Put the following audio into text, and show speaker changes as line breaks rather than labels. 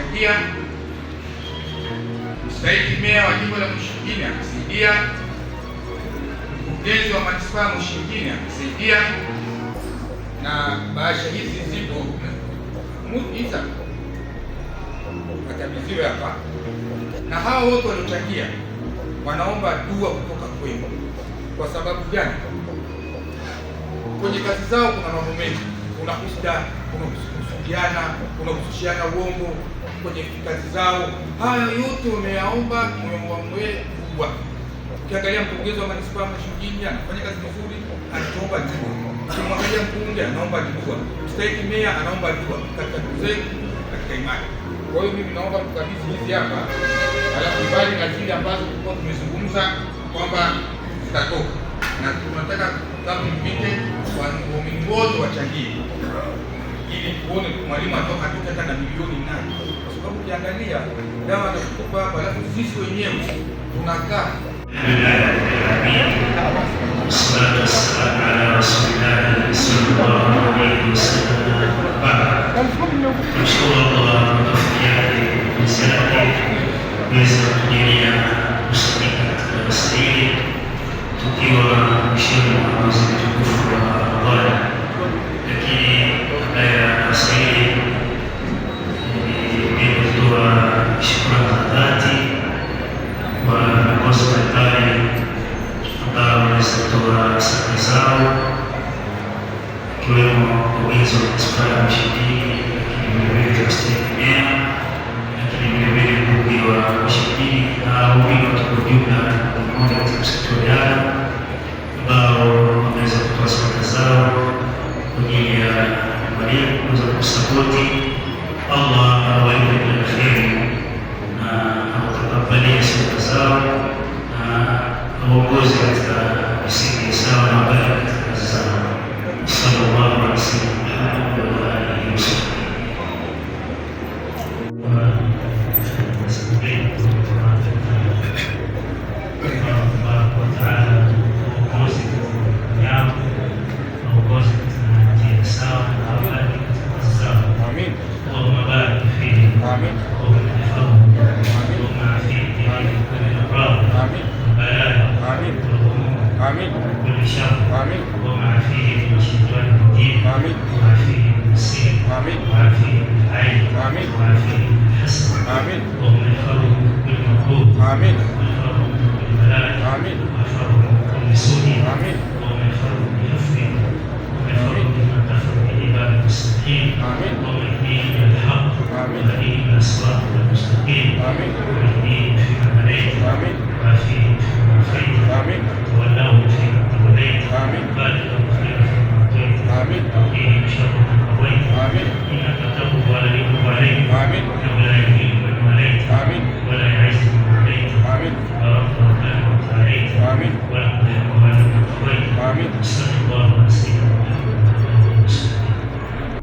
Chakia, mstahiki meya wa jimbo la Mshingini akusaidia, mkurugenzi wa manispaa ya Mshingini akusaidia, na bahasha hizi zipo muita akabidhiwe hapa, na hao wote waliotakia wanaomba dua kutoka kwenu. Kwa sababu gani? Kwenye kazi zao kuna mambo mengi, kuna kusida, kuna kusudiana, kuna kusushiana uongo kwenye kazi zao. Haya yote umeyaomba, umeomba mwee kubwa. Ukiangalia mkurugenzi wa manispaa Mashujini anafanya kazi mzuri anatuomba dua. Ukimwangalia mbunge anaomba dua, mstahiki meya anaomba dua katika zetu, katika imani. Kwa hiyo mimi naomba tukabidhi hizi hapa, alafu mbali na zile ambazo tulikuwa tumezungumza kwamba zitatoka, na tunataka kama mpite waongozi wachangie ili tuone mwalimu atoka tu hata na milioni nane, kwa sababu ukiangalia dawa atakupa hapa, alafu sisi wenyewe tunakaa
kwenye sekta serikali zao ikiwemo uwezo wa hospitali ya Mshikiri, lakini vilevile hospitali ya Mbeya, lakini vilevile ukumbi wa Mshikiri na umini watu kwa mmoja katika sekta ambao wameweza kutoa sadaka zao kwa ajili ya mwalimu kuweza kusapoti. Allah awalipe bila kheri na awatababalie sadaka zao آمين كل شر آمين وما فيه من شيطان
الرجيم آمين
وما فيه من السين آمين وما فيه من العين
آمين وما فيه
من الحسد آمين وما يفرغ من كل
مكروه آمين
ويفرغ من كل بلاء
آمين ويفرغ
من كل سوء آمين وما يفرغ من كفر وما يفرغ مما كفر به عباد المصلحين آمين وما يهديه إلى الحق آمين ويهديه إلى الصراط المستقيم آمين ويهديه فيما هديت آمين وما فيه آمين والله مسلم الوليد آمين بارك مسلم آمين وقيهم شر القوين آمين إنك تقضى لي عليه آمين إنه لا يهين من
عليك آمين
ولا يعز من عليك آمين بارك الله وسعيد آمين ولا تهين من عليك
آمين